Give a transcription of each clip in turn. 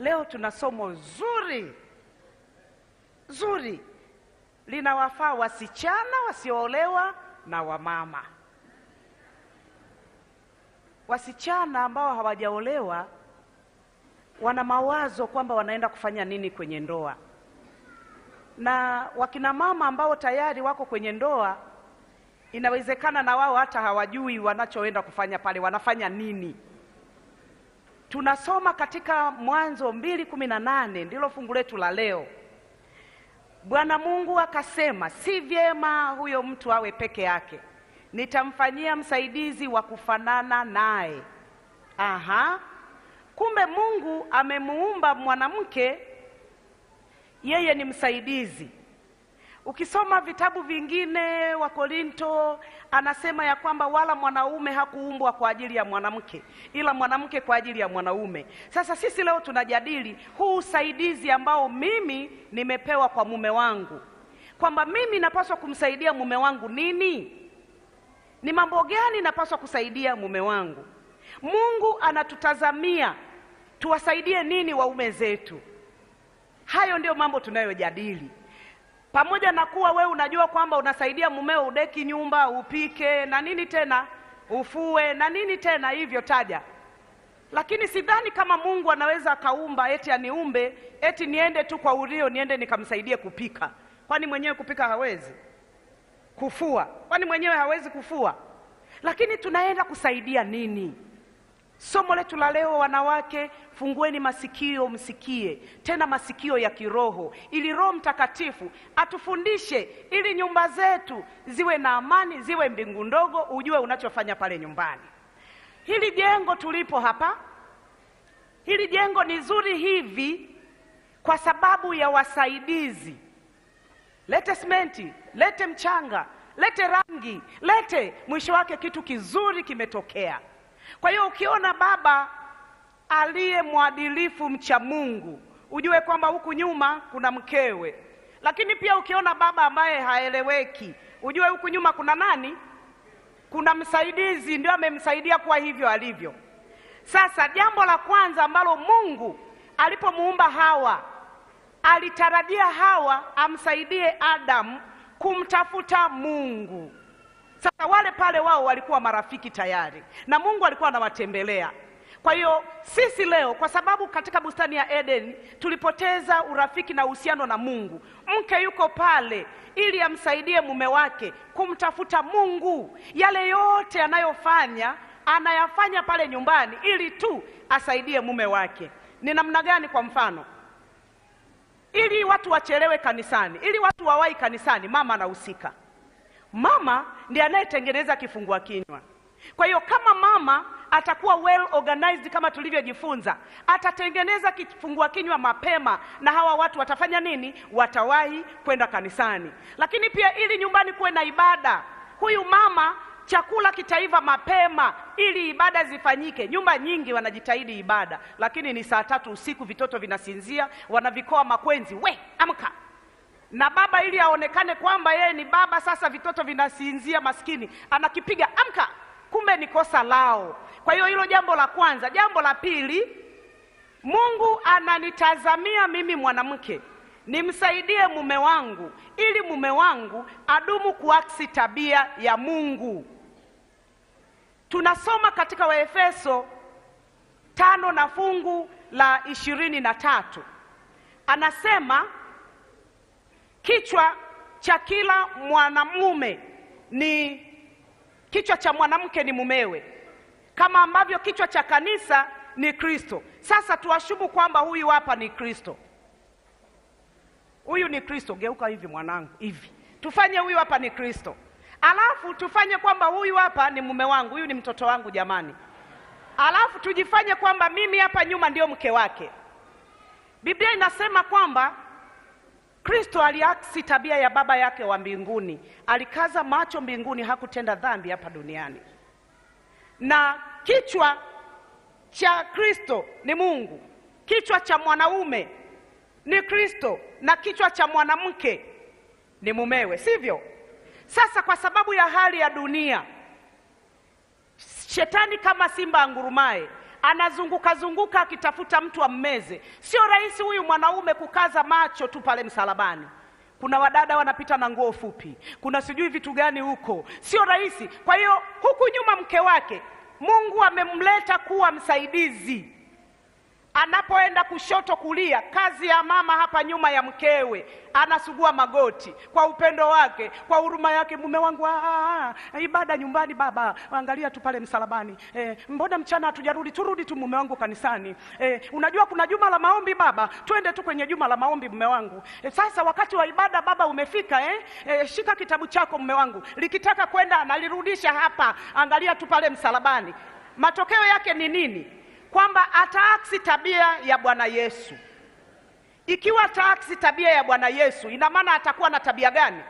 Leo tuna somo zuri zuri linawafaa wasichana wasioolewa na wamama. Wasichana ambao hawajaolewa wana mawazo kwamba wanaenda kufanya nini kwenye ndoa, na wakina mama ambao tayari wako kwenye ndoa, inawezekana na wao hata hawajui wanachoenda kufanya pale, wanafanya nini tunasoma katika Mwanzo mbili kumi na nane ndilo fungu letu la leo. Bwana Mungu akasema, si vyema huyo mtu awe peke yake, nitamfanyia msaidizi wa kufanana naye. Aha, kumbe Mungu amemuumba mwanamke, yeye ni msaidizi Ukisoma vitabu vingine wa Korinto anasema ya kwamba wala mwanaume hakuumbwa kwa ajili ya mwanamke, ila mwanamke kwa ajili ya mwanaume. Sasa sisi leo tunajadili huu usaidizi ambao mimi nimepewa kwa mume wangu, kwamba mimi napaswa kumsaidia mume wangu nini, ni mambo gani napaswa kusaidia mume wangu. Mungu anatutazamia tuwasaidie nini waume zetu. Hayo ndio mambo tunayojadili pamoja na kuwa we unajua kwamba unasaidia mumeo udeki nyumba, upike na nini tena, ufue na nini tena hivyo taja, lakini sidhani kama Mungu anaweza akaumba eti aniumbe eti niende tu kwa Urio niende nikamsaidie kupika, kwani mwenyewe kupika hawezi kufua, kwani mwenyewe hawezi kufua, lakini tunaenda kusaidia nini? Somo letu la leo wanawake, fungueni masikio msikie, tena masikio ya kiroho, ili Roho Mtakatifu atufundishe, ili nyumba zetu ziwe na amani, ziwe mbingu ndogo, ujue unachofanya pale nyumbani. Hili jengo tulipo hapa, hili jengo ni zuri hivi kwa sababu ya wasaidizi. Lete simenti, lete mchanga, lete rangi, lete, mwisho wake kitu kizuri kimetokea. Kwa hiyo ukiona baba aliye mwadilifu, mcha Mungu, ujue kwamba huku nyuma kuna mkewe. Lakini pia ukiona baba ambaye haeleweki, ujue huku nyuma kuna nani? Kuna msaidizi, ndio amemsaidia kuwa hivyo alivyo. Sasa jambo la kwanza ambalo Mungu alipomuumba Hawa alitarajia Hawa amsaidie Adamu kumtafuta Mungu. Sasa wale pale wao walikuwa marafiki tayari na Mungu alikuwa anawatembelea. Kwa hiyo sisi leo, kwa sababu katika bustani ya Eden tulipoteza urafiki na uhusiano na Mungu, mke yuko pale ili amsaidie mume wake kumtafuta Mungu. Yale yote anayofanya anayafanya pale nyumbani ili tu asaidie mume wake. Ni namna gani? Kwa mfano, ili watu wachelewe kanisani, ili watu wawahi kanisani, mama anahusika Mama ndiye anayetengeneza kifungua kinywa. Kwa hiyo kama mama atakuwa well organized kama tulivyojifunza, atatengeneza kifungua kinywa mapema, na hawa watu watafanya nini? Watawahi kwenda kanisani. Lakini pia ili nyumbani kuwe na ibada, huyu mama chakula kitaiva mapema ili ibada zifanyike. Nyumba nyingi wanajitahidi ibada, lakini ni saa tatu usiku, vitoto vinasinzia, wanavikoa makwenzi, we amka na baba, ili aonekane kwamba yeye ni baba. Sasa vitoto vinasinzia, maskini anakipiga amka, kumbe ni kosa lao. Kwa hiyo hilo jambo la kwanza. Jambo la pili, Mungu ananitazamia mimi mwanamke nimsaidie mume wangu ili mume wangu adumu kuaksi tabia ya Mungu. Tunasoma katika Waefeso tano na fungu la ishirini na tatu anasema Kichwa cha kila mwanamume ni kichwa cha mwanamke ni mumewe, kama ambavyo kichwa cha kanisa ni Kristo. Sasa tuashumu kwamba huyu hapa ni Kristo, huyu ni Kristo. Geuka hivi mwanangu, hivi tufanye huyu hapa ni Kristo, alafu tufanye kwamba huyu hapa ni mume wangu, huyu ni mtoto wangu, jamani, alafu tujifanye kwamba mimi hapa nyuma ndio mke wake. Biblia inasema kwamba Kristo aliaksi tabia ya baba yake wa mbinguni, alikaza macho mbinguni, hakutenda dhambi hapa duniani. Na kichwa cha Kristo ni Mungu, kichwa cha mwanaume ni Kristo na kichwa cha mwanamke ni mumewe, sivyo? Sasa kwa sababu ya hali ya dunia, shetani kama simba angurumaye anazunguka zunguka akitafuta mtu ammeze. Sio rahisi huyu mwanaume kukaza macho tu pale msalabani. Kuna wadada wanapita na nguo fupi, kuna sijui vitu gani huko, sio rahisi. Kwa hiyo huku nyuma mke wake Mungu amemleta kuwa msaidizi anapoenda kushoto kulia, kazi ya mama hapa nyuma ya mkewe, anasugua magoti kwa upendo wake, kwa huruma yake. Mume wangu aa, ah, ah, ah, ibada nyumbani, baba angalia tu pale msalabani. E, mbona mchana hatujarudi? Turudi tu mume wangu kanisani. E, unajua kuna juma la maombi baba, twende tu kwenye juma la maombi mume wangu. E, sasa wakati wa ibada baba umefika eh? E, shika kitabu chako mume wangu, likitaka kwenda analirudisha hapa, angalia tu pale msalabani. Matokeo yake ni nini? kwamba ataaksi tabia ya Bwana Yesu. Ikiwa ataaksi tabia ya Bwana Yesu, ina maana atakuwa na tabia gani?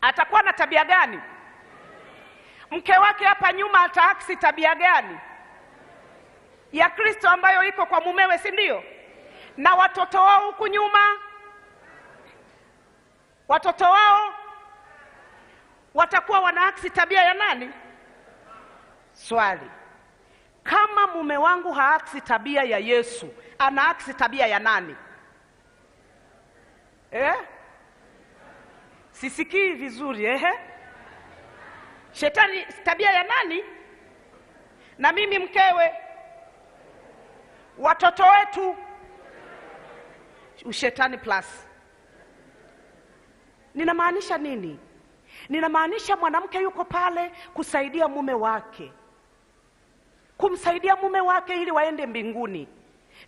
Atakuwa na tabia gani? Mke wake hapa nyuma ataaksi tabia gani ya Kristo ambayo iko kwa mumewe, si ndio? Na watoto wao huku nyuma, watoto wao watakuwa wanaaksi tabia ya nani? Swali. Kama mume wangu haaksi tabia ya Yesu, anaaksi tabia ya nani eh? Sisikii vizuri eh? Shetani, tabia ya nani? Na mimi mkewe, watoto wetu, ushetani plus. Ninamaanisha nini? Ninamaanisha mwanamke yuko pale kusaidia mume wake kumsaidia mume wake ili waende mbinguni.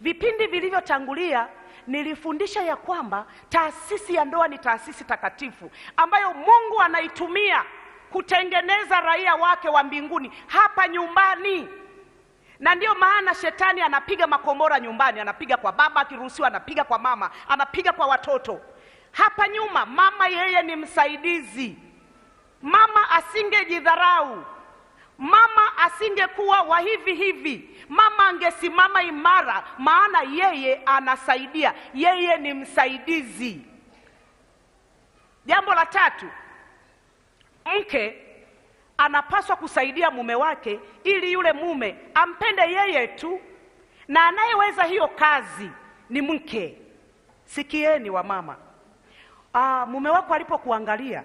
Vipindi vilivyotangulia nilifundisha ya kwamba taasisi ya ndoa ni taasisi takatifu ambayo Mungu anaitumia kutengeneza raia wake wa mbinguni hapa nyumbani. Na ndiyo maana shetani anapiga makombora nyumbani, anapiga kwa baba akiruhusiwa, anapiga kwa mama, anapiga kwa watoto. Hapa nyuma mama yeye ni msaidizi. Mama asingejidharau Mama asingekuwa wa hivi hivi, mama angesimama imara, maana yeye anasaidia, yeye ni msaidizi. Jambo la tatu, mke anapaswa kusaidia mume wake ili yule mume ampende yeye tu, na anayeweza hiyo kazi ni mke. Sikieni wa aa, ah, mume wako alipokuangalia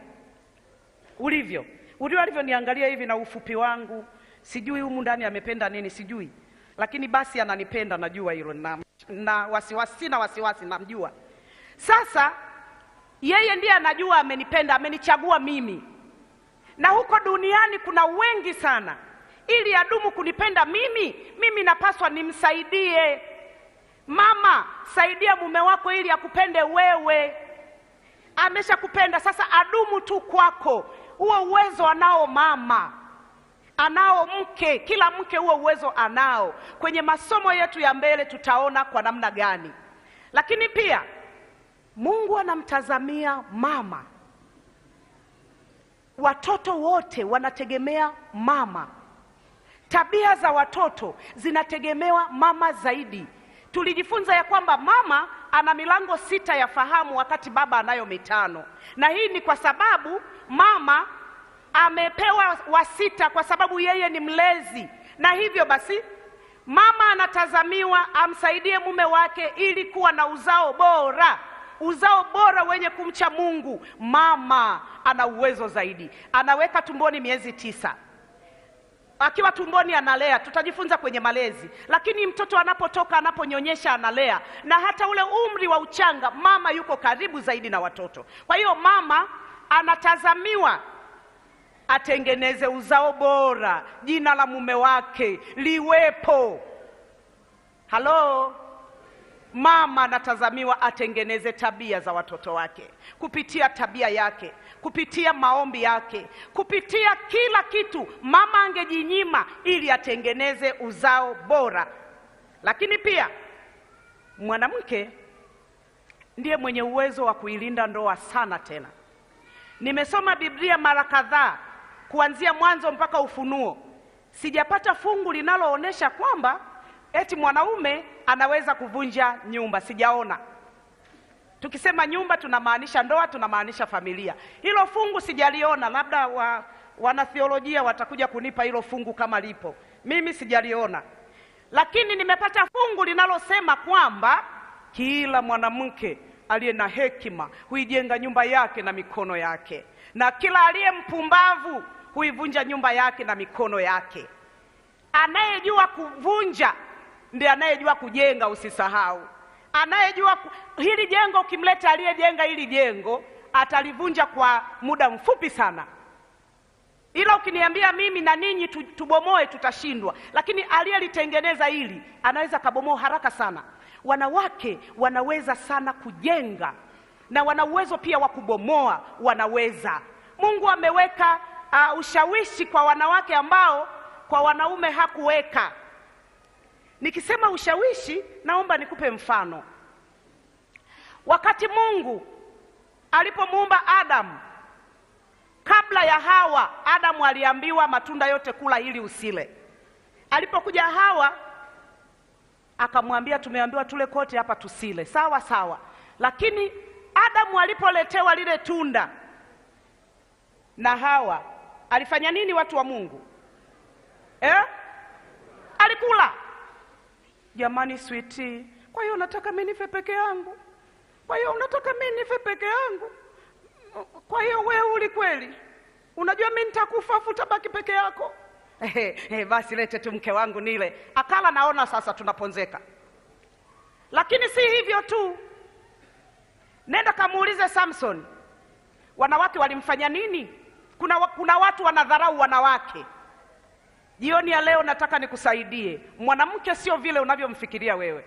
ulivyo Huyu alivyoniangalia hivi na ufupi wangu, sijui humu ndani amependa nini, sijui, lakini basi ananipenda, najua hilo na, na wasiwasi na wasiwasi, namjua sasa. Yeye ndiye anajua amenipenda, amenichagua mimi, na huko duniani kuna wengi sana. Ili adumu kunipenda mimi, mimi napaswa nimsaidie. Mama, saidia mume wako ili akupende wewe. Ameshakupenda sasa, adumu tu kwako huo uwezo anao mama, anao mke, kila mke huo uwezo anao. Kwenye masomo yetu ya mbele tutaona kwa namna gani, lakini pia Mungu anamtazamia mama. Watoto wote wanategemea mama, tabia za watoto zinategemewa mama zaidi. Tulijifunza ya kwamba mama ana milango sita ya fahamu wakati baba anayo mitano, na hii ni kwa sababu mama amepewa wa sita kwa sababu yeye ni mlezi, na hivyo basi mama anatazamiwa amsaidie mume wake ili kuwa na uzao bora uzao bora wenye kumcha Mungu. Mama ana uwezo zaidi, anaweka tumboni miezi tisa akiwa tumboni analea, tutajifunza kwenye malezi, lakini mtoto anapotoka, anaponyonyesha, analea, na hata ule umri wa uchanga, mama yuko karibu zaidi na watoto. Kwa hiyo mama anatazamiwa atengeneze uzao bora, jina la mume wake liwepo. Halo. Mama anatazamiwa atengeneze tabia za watoto wake kupitia tabia yake, kupitia maombi yake, kupitia kila kitu. Mama angejinyima ili atengeneze uzao bora, lakini pia mwanamke ndiye mwenye uwezo wa kuilinda ndoa sana. Tena nimesoma Biblia mara kadhaa, kuanzia Mwanzo mpaka Ufunuo, sijapata fungu linaloonyesha kwamba eti mwanaume anaweza kuvunja nyumba, sijaona. Tukisema nyumba tunamaanisha ndoa, tunamaanisha familia. Hilo fungu sijaliona, labda wa, wanathiolojia watakuja kunipa hilo fungu kama lipo, mimi sijaliona, lakini nimepata fungu linalosema kwamba kila mwanamke aliye na hekima huijenga nyumba yake na mikono yake, na kila aliye mpumbavu huivunja nyumba yake na mikono yake. Anayejua kuvunja ndiye anayejua kujenga, usisahau. Anayejua hili jengo, ukimleta aliyejenga hili jengo atalivunja kwa muda mfupi sana, ila ukiniambia mimi na ninyi tubomoe, tutashindwa. Lakini aliyelitengeneza hili anaweza kabomoa haraka sana. Wanawake wanaweza sana kujenga na wana uwezo pia wa kubomoa, wanaweza. Mungu ameweka uh, ushawishi kwa wanawake ambao kwa wanaume hakuweka. Nikisema ushawishi, naomba nikupe mfano. Wakati Mungu alipomuumba Adamu, kabla ya Hawa, Adamu aliambiwa matunda yote kula ili usile. Alipokuja Hawa akamwambia, tumeambiwa tule kote, hapa tusile. Sawa sawa, lakini Adamu alipoletewa lile tunda na Hawa alifanya nini? Watu wa Mungu eh? Alikula jamani, switi, kwa hiyo unataka mimi nife peke yangu? Kwa hiyo unataka mimi nife peke yangu? Kwa hiyo wewe uli kweli unajua mimi nitakufa afu utabaki peke yako? Hey, hey, basi lete tu mke wangu nile. Akala naona sasa tunaponzeka. Lakini si hivyo tu, nenda kamuulize Samson wanawake walimfanya nini. Kuna, kuna watu wanadharau wanawake. Jioni ya leo nataka nikusaidie. Mwanamke sio vile unavyomfikiria wewe.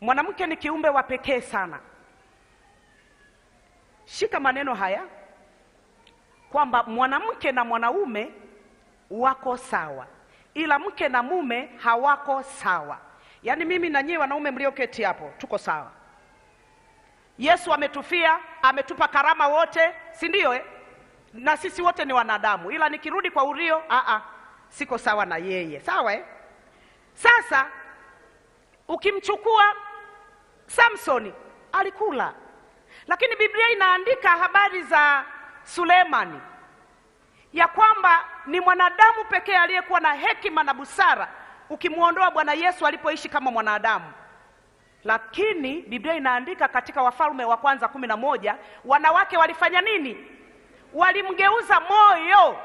Mwanamke ni kiumbe wa pekee sana. Shika maneno haya kwamba mwanamke na mwanaume wako sawa, ila mke na mume hawako sawa. Yaani mimi na nyie wanaume mlioketi hapo tuko sawa. Yesu ametufia, ametupa karama wote, si ndio eh? Na sisi wote ni wanadamu, ila nikirudi kwa Urio, a a siko sawa na yeye, sawa eh? Sasa ukimchukua Samsoni alikula, lakini Biblia inaandika habari za Sulemani ya kwamba ni mwanadamu pekee aliyekuwa na hekima na busara, ukimwondoa Bwana Yesu alipoishi kama mwanadamu. Lakini Biblia inaandika katika Wafalme wa kwanza kumi na moja wanawake walifanya nini? Walimgeuza moyo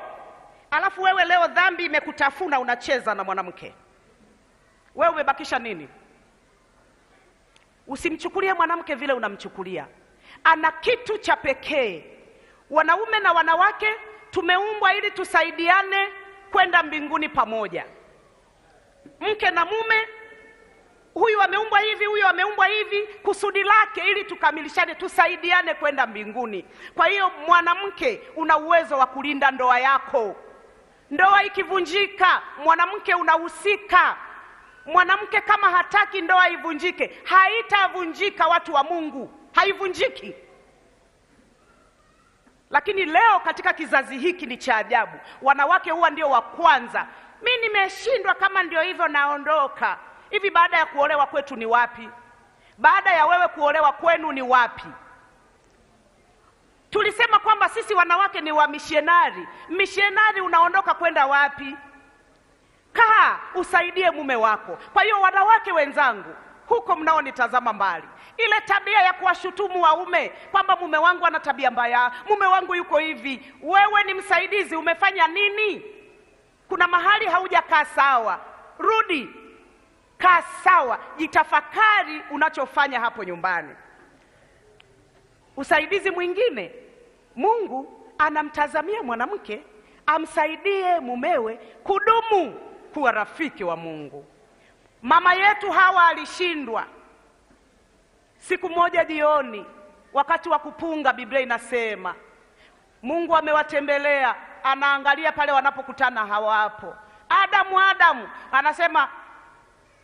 alafu wewe leo dhambi imekutafuna unacheza na mwanamke, wewe umebakisha nini? Usimchukulie mwanamke vile unamchukulia, ana kitu cha pekee. Wanaume na wanawake tumeumbwa ili tusaidiane kwenda mbinguni pamoja, mke na mume huyu ameumbwa hivi, huyu ameumbwa hivi, kusudi lake ili tukamilishane, tusaidiane kwenda mbinguni. Kwa hiyo, mwanamke, una uwezo wa kulinda ndoa yako. Ndoa ikivunjika, mwanamke unahusika. Mwanamke kama hataki ndoa ivunjike, haitavunjika. Watu wa Mungu, haivunjiki. Lakini leo katika kizazi hiki ni cha ajabu, wanawake huwa ndio wa kwanza, mi nimeshindwa, kama ndio hivyo naondoka. Hivi baada ya kuolewa kwetu ni wapi? Baada ya wewe kuolewa kwenu ni wapi? Tulisema kwamba sisi wanawake ni wamishenari. Mishenari unaondoka kwenda wapi? Kaa usaidie mume wako. Kwa hiyo wanawake wenzangu huko mnaonitazama mbali, ile tabia ya kuwashutumu waume kwamba mume wangu ana tabia mbaya, mume wangu yuko hivi, wewe ni msaidizi, umefanya nini? Kuna mahali haujakaa sawa, rudi, kaa sawa, jitafakari unachofanya hapo nyumbani. Usaidizi mwingine, Mungu anamtazamia mwanamke amsaidie mumewe kudumu kuwa rafiki wa Mungu. Mama yetu Hawa alishindwa. Siku moja jioni, wakati wa kupunga, Biblia inasema Mungu amewatembelea, anaangalia pale wanapokutana hawapo. Adamu, Adamu anasema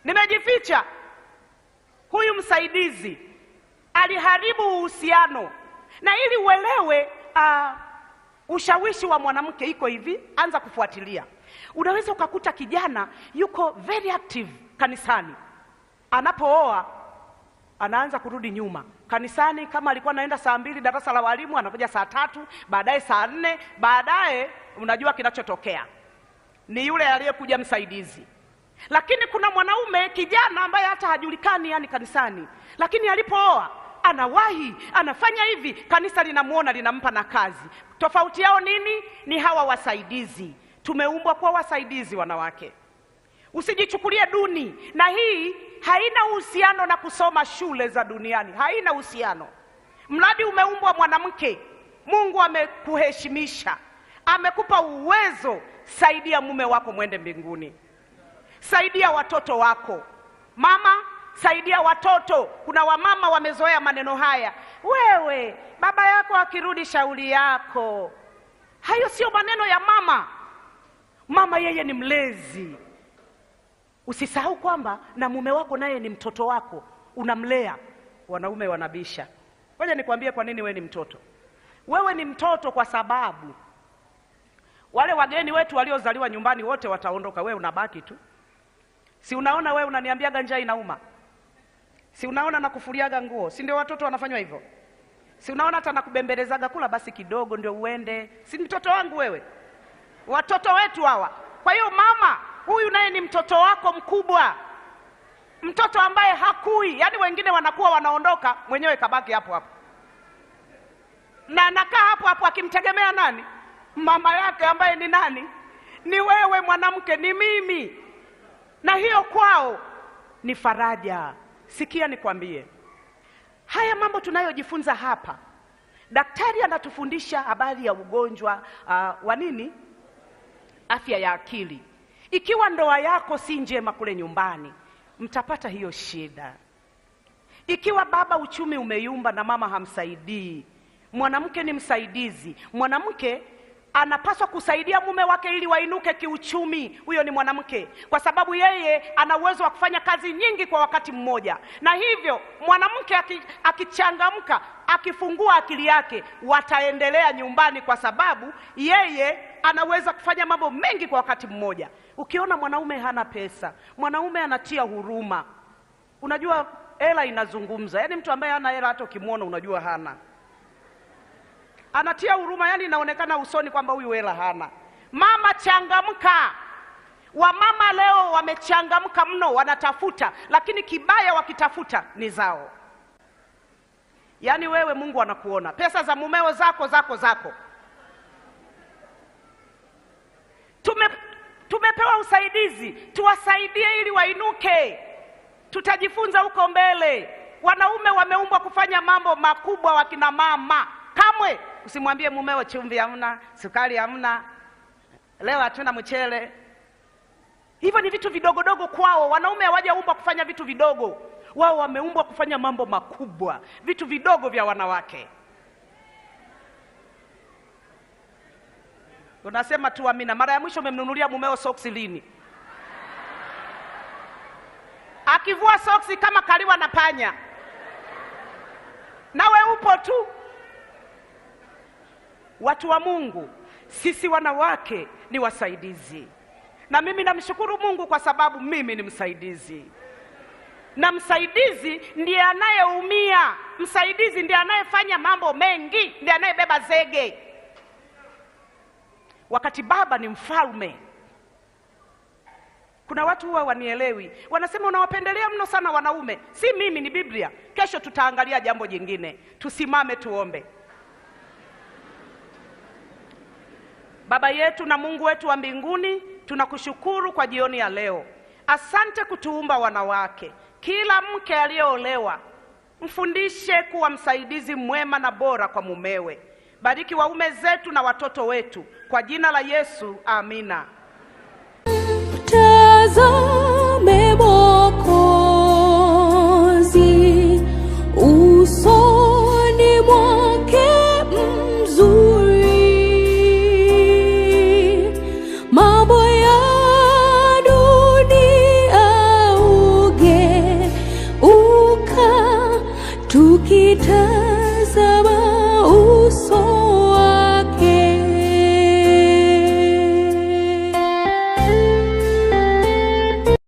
nimejificha, huyu msaidizi aliharibu uhusiano. Na ili uelewe uh, ushawishi wa mwanamke iko hivi, anza kufuatilia. Unaweza ukakuta kijana yuko very active kanisani, anapooa anaanza kurudi nyuma kanisani. Kama alikuwa anaenda saa mbili darasa la walimu, anakuja saa tatu, baadaye saa nne, baadaye unajua kinachotokea ni yule aliyekuja msaidizi. Lakini kuna mwanaume kijana ambaye hata hajulikani yani kanisani, lakini alipooa anawahi, anafanya hivi, kanisa linamwona, linampa na kazi. Tofauti yao nini? Ni hawa wasaidizi. Tumeumbwa kuwa wasaidizi, wanawake, usijichukulie duni, na hii haina uhusiano na kusoma shule za duniani, haina uhusiano. Mradi umeumbwa mwanamke, Mungu amekuheshimisha, amekupa uwezo. Saidia mume wako mwende mbinguni, saidia watoto wako mama saidia watoto. Kuna wamama wamezoea maneno haya, wewe baba yako akirudi shauri yako. Hayo sio maneno ya mama. Mama yeye ni mlezi. Usisahau kwamba na mume wako naye ni mtoto wako, unamlea. Wanaume wanabisha. Ngoja nikwambie kwa nini wewe ni mtoto. Wewe ni mtoto kwa sababu wale wageni wetu waliozaliwa nyumbani wote wataondoka, wewe unabaki tu. Si unaona, wewe unaniambiaga njaa inauma. Si unaona nakufuriaga nguo, si ndio? Watoto wanafanywa hivyo, si unaona? Hata nakubembelezaga kula basi kidogo ndio uende, si mtoto wangu wewe? Watoto wetu hawa. Kwa hiyo mama huyu naye ni mtoto wako mkubwa, mtoto ambaye hakui. Yaani wengine wanakuwa wanaondoka, mwenyewe kabaki hapo hapo na anakaa hapo hapo akimtegemea nani? Mama yake ambaye ni nani? Ni wewe mwanamke, ni mimi. Na hiyo kwao ni faraja. Sikia nikwambie, haya mambo tunayojifunza hapa, daktari anatufundisha habari ya ugonjwa uh, wa nini, afya ya akili. Ikiwa ndoa yako si njema kule nyumbani, mtapata hiyo shida. Ikiwa baba uchumi umeyumba na mama hamsaidii, mwanamke ni msaidizi, mwanamke anapaswa kusaidia mume wake ili wainuke kiuchumi. Huyo ni mwanamke, kwa sababu yeye ana uwezo wa kufanya kazi nyingi kwa wakati mmoja, na hivyo mwanamke akichangamka, akifungua akili yake, wataendelea nyumbani, kwa sababu yeye anaweza kufanya mambo mengi kwa wakati mmoja. Ukiona mwanaume hana pesa, mwanaume anatia huruma. Unajua hela inazungumza, yaani mtu ambaye hana hela hata ukimwona unajua hana anatia huruma, yani inaonekana usoni kwamba huyu hela hana. Mama changamka! Wamama leo wamechangamka mno, wanatafuta, lakini kibaya wakitafuta ni zao. Yaani wewe Mungu anakuona, pesa za mumeo zako zako zako. Tume, tumepewa usaidizi, tuwasaidie ili wainuke, tutajifunza huko mbele. Wanaume wameumbwa kufanya mambo makubwa, wakina mama kamwe Usimwambie mumeo chumvi hamna, sukari hamna, leo hatuna mchele. Hivyo ni vitu vidogodogo kwao. Wanaume hawajaumbwa kufanya vitu vidogo, wao wameumbwa kufanya mambo makubwa, vitu vidogo vya wanawake. Unasema tu amina. Mara ya mwisho umemnunulia mumeo soksi lini? Akivua soksi kama kaliwa na panya, nawe upo tu Watu wa Mungu, sisi wanawake ni wasaidizi, na mimi namshukuru Mungu kwa sababu mimi ni msaidizi, na msaidizi ndiye anayeumia, msaidizi ndiye anayefanya mambo mengi, ndiye anayebeba zege. Wakati baba ni mfalme, kuna watu huwa wanielewi, wanasema unawapendelea mno sana wanaume. Si mimi, ni Biblia. Kesho tutaangalia jambo jingine. Tusimame tuombe. Baba yetu na Mungu wetu wa mbinguni, tunakushukuru kwa jioni ya leo. Asante kutuumba wanawake. Kila mke aliyeolewa mfundishe kuwa msaidizi mwema na bora kwa mumewe. Bariki waume zetu na watoto wetu, kwa jina la Yesu, amina. Tazame